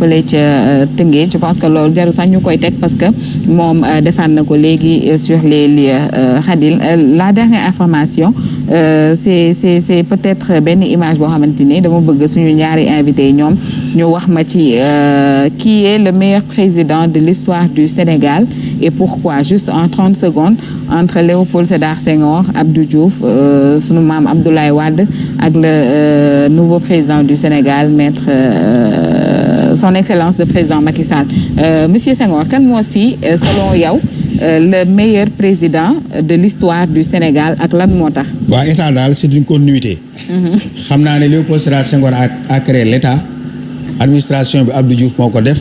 fële ca euh, Tëngéej je pense que loolu jaru sax ñu koy teg parce que moom euh, defaat na ko léegi euh, sur les lieux Khadil la dernière information c'est c'est c'est peut-être benn image boo xamante ni dama bëgg suñu ñaari invité yi ñoom ñu wax ma ci qui est le meilleur président de l'histoire du Sénégal et pourquoi juste en trente secondes entre Léopold Sédar Senghor Abdou Diouf suñu maam Abdoulaye Wade ak le nouveau président du Sénégal maître son excellence de président Macky Sall euh, monsieur Senghor kan moo si euh, selon yow euh, le meilleur président de l'histoire du Sénégal ak lan moo tax. waa état daal c'est une continuité. Mhm. xam naa ne Léopold Sédar Senghor a créé l'état administration bi Abdou Diouf moo ko def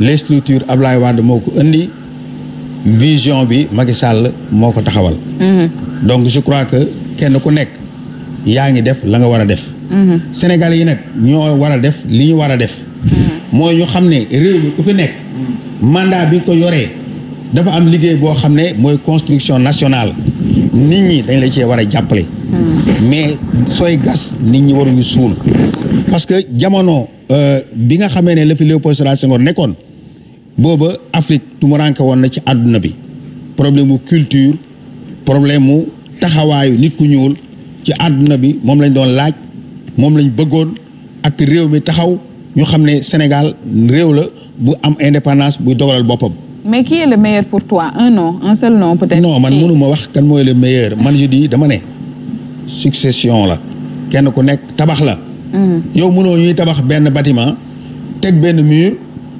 les structures Ablaye Wade moo ko indi vision bi Macky moo ko taxawal. Mhm. donc je crois que kenn ku nekk yaa ngi def la nga war a def. Mhm. Sénégalais yi nag ñoo war a def li ñu war a def. mooy ñu xam ne réew mi ku fi nekk mandat bi nga ko yoree dafa am liggéey boo xam ne mooy construction nationale nit ñi dañ la cee war a jàppale mais sooy gas nit ñi waruñu suul parce que jamono euh, bi nga xamee ne la fi Léopold nekkoon booba Afrique tumuranke woon na ci àdduna bi problème mu culture problème mu taxawaayu nit ku ñuul ci àdduna bi moom lañ doon laaj moom lañ bëggoon ak réew mi taxaw ñu xam ne Sénégal réew la bu am indépendance buy dogalal boppam. mais qui est le meilleur pour toi un nom man mënu ma wax kan mooy le meilleur man je dis dama ne succession la kenn ku nekk tabax la. Mm. yow mënoo ñuy tabax benn batiment teg benn mur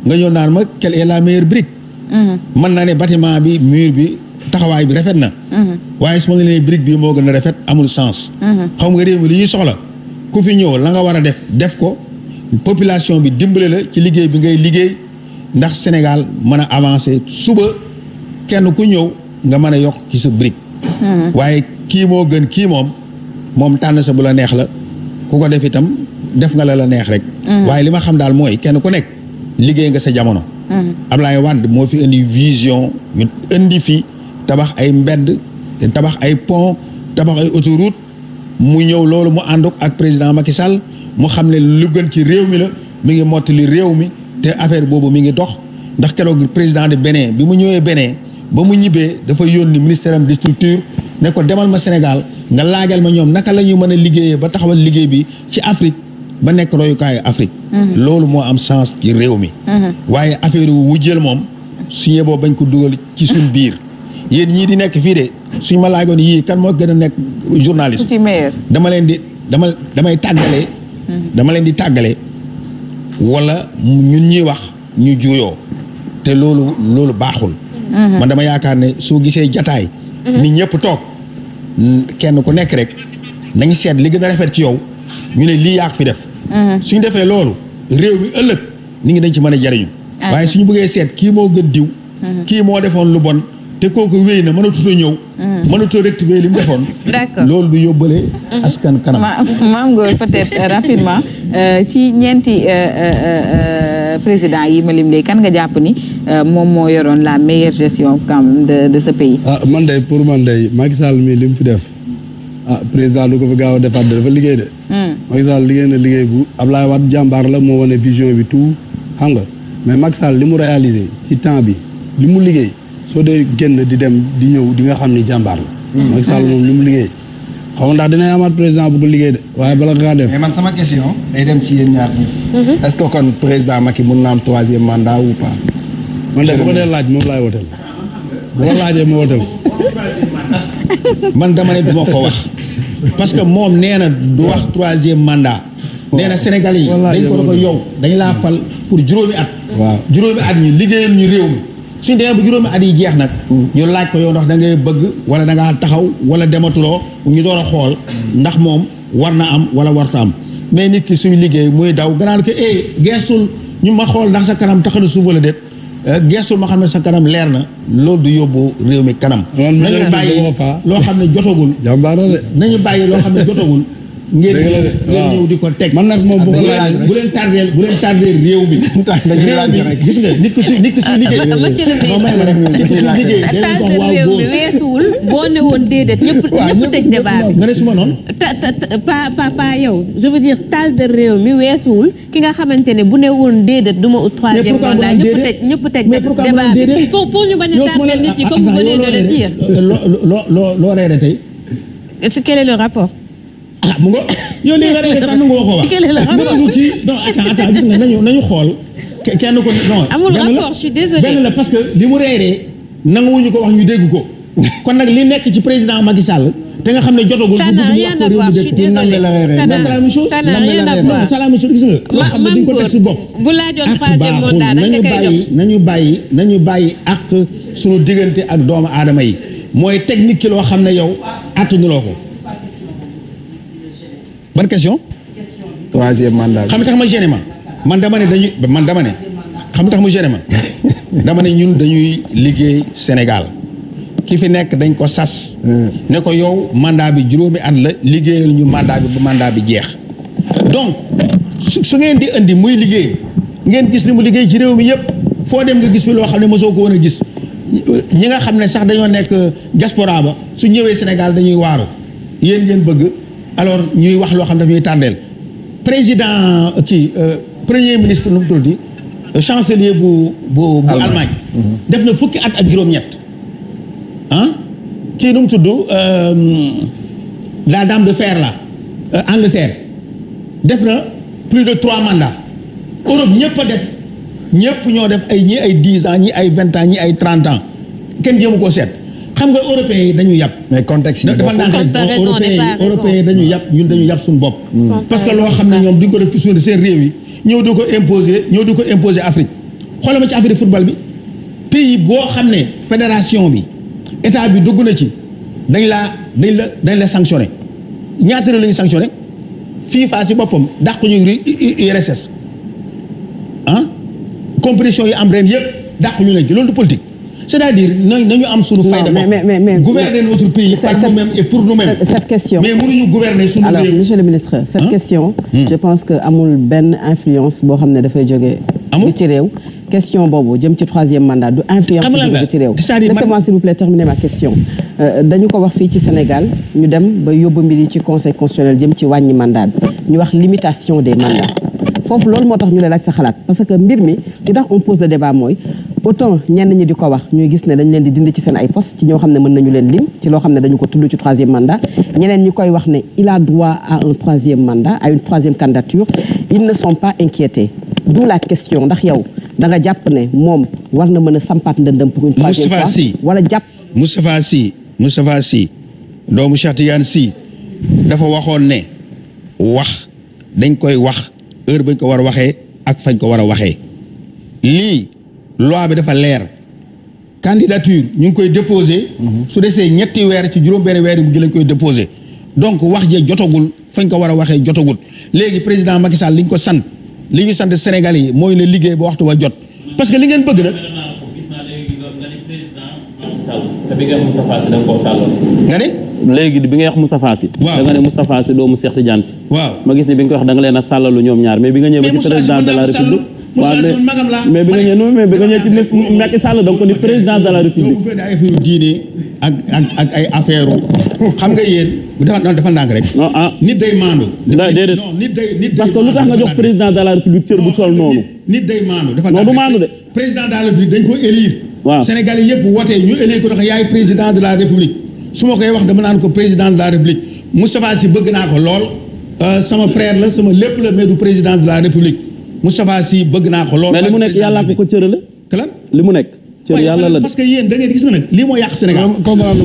nga ñëw naan ma quelle est la meilleure brique. Mm. mën naa ne batiment bi mur bi taxawaay bi rafet na. Mm. waaye su ma nee brique bi moo gën a rafet amul sens. xaw nga réew mi li ñuy soxla ku fi ñëw la nga war a def def ko. population bi dimbale la ci liggéey bi ngay liggéey ndax Sénégal mën a avancé suba kenn ku ñëw nga mën a yokk ci sa brique. Hmm. waaye kii moo gën kii moom moom tànn sa bu la neex la ku ko def itam def nga la la neex rek. Hmm. waaye li ma xam daal mooy kenn ku nekk liggéey nga sa jamono. Hmm. Ablaye Wade moo fi indi vision ñu indi fi tabax ay mbedd tabax ay pont tabax ay autoroute mu ñëw loolu mu ànd ak président Macky Sall. mu xam ne lu gën ci réew mi la mi ngi mottali réew mi te affaire boobu mi ngi dox ndax keroog président de Bénin bi mu ñëwee Bénin ba mu ñibbee dafa yónni ministère am de structure ne ko demal ma Sénégal nga laajal ma ñoom naka la ñu mën a liggéeyee ba taxawal liggéey bi ci Afrique ba nekk royukaayu Afrique. Mhm. loolu moo am sens ci réew mi. Mhm. waaye affaire wu wujjeel moom suñu yeboo bañ ko dugal ci suñ biir. yéen ñii di nekk fii de suñu ma laajoon yii kan moo gën a nekk journaliste. dama leen di dama damay tàggalee dama leen di tàggale wala ñun ñuy wax ñu juyoo te loolu loolu baaxul mhm. man dama yaakaar ne soo gisee jataay mhm. nit ñëpp toog kenn ku nekk rek nañ seet li gën a rafet ci yow ñu ne lii yaak fi def mhm. suñu defee loolu réew mi ëllëg nit ngi dañ ci mën a jariñu ah, waaye suñu bëggee seet kii moo gën diw kii moo defoon lu bon te kooku wéy na mënatut a ñëw. Mm. mënatut a rectifier li mu defoon. d'accord loolu du yóbbale. askan kanam maam Ngor peut euh, rapidement euh, ci ñeenti euh, président yi ma lim léegi kan nga jàpp ni moom moo yoroon la meilleure gestion quand même de ce pays. Ah, man de pour man de Macky Sall mii li mu fi def ah président du ko fi gaaw a defaat dafa liggéey de. Mm. Macky Sall liggéey na liggéey bu Abdoulaye Wade jàmbaar la moo wane vision bi tout xam mais Macky Sall li mu réalisé ci temps bi li mu liggéey. soo dee génn di dem di ñëw di nga xam ni jàmbaar la. Hmm. Macky moom li mu liggéey. xaw ma ndax dinañ amaat président bu ko liggéey de waaye bala ngaa def. man sama question day dem ci yéen ñaar ñi. Hmm. est que kon président Macky mun na am troisième mandat ou pas. man laaj moom laay woteel. bu ko man dama ne du ma ko wax. parce que moom nee na du wax troisième mandat. nee na Sénégalais yi dañ ko doon ko yow dañ laa fal pour juróomi at. waaw juróomi at ñi liggéeyal ñu réew mi. suñu dee bu juróomi at yi jeex nag ñu laaj ko yow dox da ngay bëgg wala dangaa taxaw wala dematuloo ñu door a xool ndax moom war na am wala warta am mais nit ki suy liggéey muy daw gannaan ko eh geestul ñu ma xool ndax sa kanam tax na suuf wala déet eh, geestul ma xam ne sa kanam leer na loolu du yóbbu réew mi kanam nañu bàyyi loo xam ne jotagul nañu bàyyi loo xam ne jotagul ngeen ngeen ñëw di ko teg. man nag moom bu bu leen tardeel bu leen tardeel réew bi. réew bi gis nga nit ku si nit ku si liggéey. monsieur le ministre tardeel réew bi weesuwul boo ne woon déedéet ñëpp ñëpp teg débat bi. nga ne su ma noonu. pa pa pa yow je veux dire tardeel réew mi weesuwul ki nga xamante ne bu ne woon déedéet du ma ut troisième mandat ñëpp teg ñëpp teg débat bi pour pour ñu bañ a tardeel nit yi comme vous venez de le dire. loo loo loo reere tey. quel est le rapport. ah mu nga yow léegi nga sax nangu ko wax nangu kii non attends attends gis nga nañu xool kenn ko non amul rapport je suis désolé la parce que li mu reeree nanguwuñu ko wax ñu dégg ko kon nag li nekk ci président Macky Sall te nga xam ne jotagul ça n'a rien à voir je suis désolé ça n'a rien à voir c'est la même chose gis nga ma ko bàyyi nañu bàyyi ak diggante ak doomu aadama yi mooy technique ki loo xam ne yow loo ko ban question. troisième mandat xam nga tax ma gêné ma man dama ne dañuy man dama ne xam tax mu gêné ma dama ne ñun dañuy liggéey Sénégal ki fi nekk dañ ko sas. Hmm. ne ko yow mandaa bi juróomi at la liggéeyal ñu mandat bi ba bi jeex. donc su ngeen di indi muy liggéey ngeen gis ni mu liggéey ci réew mi yëpp foo dem nga gis fi loo xam ne mosoo ko woon a gis ñi nga xam ne sax dañoo nekk diaspora su ñëwee Sénégal dañuy waaru yéen ngeen bëgg. alors ñuy wax loo xam daf ñuy tàndeel président ci euh, euh, premier ministre nu mu di euh, chancelier bu bu bu Allemagne mhm. def na fukki at ak juróom-ñett kii nu mu tudd la dame de fer la Angleterre def na plus de trois mandats Europe ñëpp def ñëpp ñoo def ay ñi ay dix ans ñi ay vingt ans ñi ay trente ans kenn jéemu koo set xam nga européens yi dañu yàpp. mais contexte yi defal naan rek européens yi européens yi dañu yàpp ñun dañu yàpp suñu bopp. Hmm. parce que loo xam ne ñoom duñ ko def ci suñu seen réew yi ñëw di ko imposer ñëw di ko imposer Afrique xoolal ma ci Afrique football bi pays boo xam ne fédération bi état bi dugg na ci dañ laa dañ la dañ la sanctionné ñaata la ñu sanctionné FIFA boppam dàq ñu URSS ah compétition yi am ren yëpp dàq ñu ne ci loolu du politique. c'est-à-dire nañu am suñu fayda bopp gouverner notre pays par nous-mêmes et pour nous-mêmes cette question mais mënuñu gouverner monsieur le ministre cette question hmm. je pense que amul benn influence boo xam ne dafay jógee amul ci réew question boobu jëm ci troisième mandat du influence bu ci réew laissez-moi s'il vous plaît terminer ma question euh, dañu ko wax fii ci Sénégal ñu dem ba yóbbu mbir yi ci conseil constitutionnel jëm ci wàññi mandat bi ñu wax limitation des mandats foofu loolu moo tax ñu lay laaj sa xalaat parce que mbir mi li tax on pose le débat mooy autant ñenn ñi di ko wax ñuy gis ne dañ leen di dindi ci seen ay poste ci ñoo xam ne mën nañu leen lim ci loo xam ne dañu ko tudd ci troisième mandat ñeneen ñi koy wax ne il a droit à un troisième mandat à une troisième candidature ils ne sont pas inquiétés d'où la question ndax yow danga jàpp ne moom war na mën a sampaat ndëndëm pour une troisième fois wala jàpp Moustapha Sy Moustapha Sy doomu Cheikh Tidiane Sy dafa waxoon ne wax dañ koy wax heure bañ ko war a waxee ak fañ ko war a waxee loi bi dafa leer candidature ñu ngi koy déposé mhm. su defee ñetti weer ci juróom benn weer yi lañ koy déposé donc wax jee jotagul fañ ko war a waxee jotagul léegi président Macky Sall li ñu ko sant li ñu sant Sénégalais yi mooy na liggéey ba waxtu wa jot parce que li ngeen bëgg nag nga ne léegi bi nga wax Moustapha Sy da ne Moustapha Sy doomu Cheikh Tidiane Sy waaw ma gis ne bi nga ko wax da leen a sàllalu ñoom ñaar mais bi nga ñëw ba ci président waaw mais bi nga ñëw non mais bi nga ñëw ci Macky Sall donc ni président de la République. bu ay affaire diine ak ak ak ay affaire xam nga yéen. bu defal non defal ndànk rek. non ah nit day maandu. déedéet non nit day nit day parce que lu tax nga jox président de la République cër bu toll noonu. nit day maandu defal ndànk non du maandu de. président de la République dañ ko élire. waaw Sénégal yëpp wootee ñu élire ko tax yaay président de la République su ma koy wax dama naan ko président de la République Moustapha Sy bëgg naa ko lool euh, sama frère la sama lépp la mais du président de la République. Moustapha Sy bëgg naa ko lool. mais li mu nekk yàllaa lan li mu nekk. yàlla la parce que yéen da ngeen gis nga nag lii moo yàq Sénégal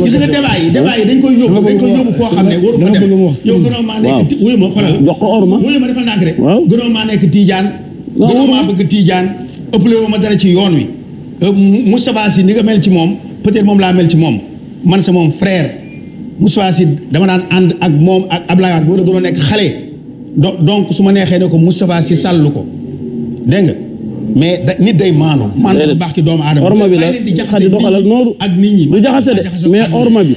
gis nga débat yi dañ koy yóbbu dañ koy yóbbu foo xam ne waru ko dem yow gënoo maa nekk wuyu ma xoolal jox ko or ma wuyu ma dafa nàkk nekk Tidiane ma dara ci yoon wi euh, Moustapha Sy ni nga mel ci moom peut-être moom laa mel ci moom man sa moom frère Moustapha Sy dama daan ànd ak moom ak Abdoulaye Wade boo gënoo nekk xale donc su ma neexee ne ko Moustapha Sy sàllu ko dégg nga mais nit day maandu. maandu dafa baax ci doomu aadama. orma bi la xadi doxalal noonu ak nit ñi du jaxase de mais orma bi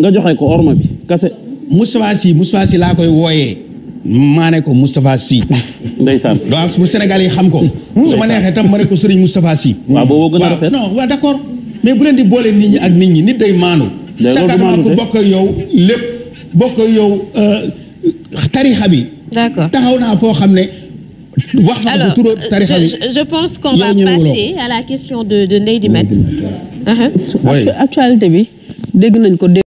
nga joxe ko orma bi kase. Moustapha Sy Moustapha Sy laa koy wooyee. maa ne ko Moustapha Sy. ndeysaan do bu Sénégal yi xam ko. su ma neexee tam ma ne ko Serigne Moustapha Sy. waaw boobu gën a rafet mais bu leen di boole nit ak nit ñi nit day maandu. day maandu ku bokk yow lépp bokk yow euh, tarixa bi. taxaw naa foo xam ne. Alors, je, je pense qu'on va passer à la question de de Ndeye Di Maître. Actualité bi dégg nañ ko.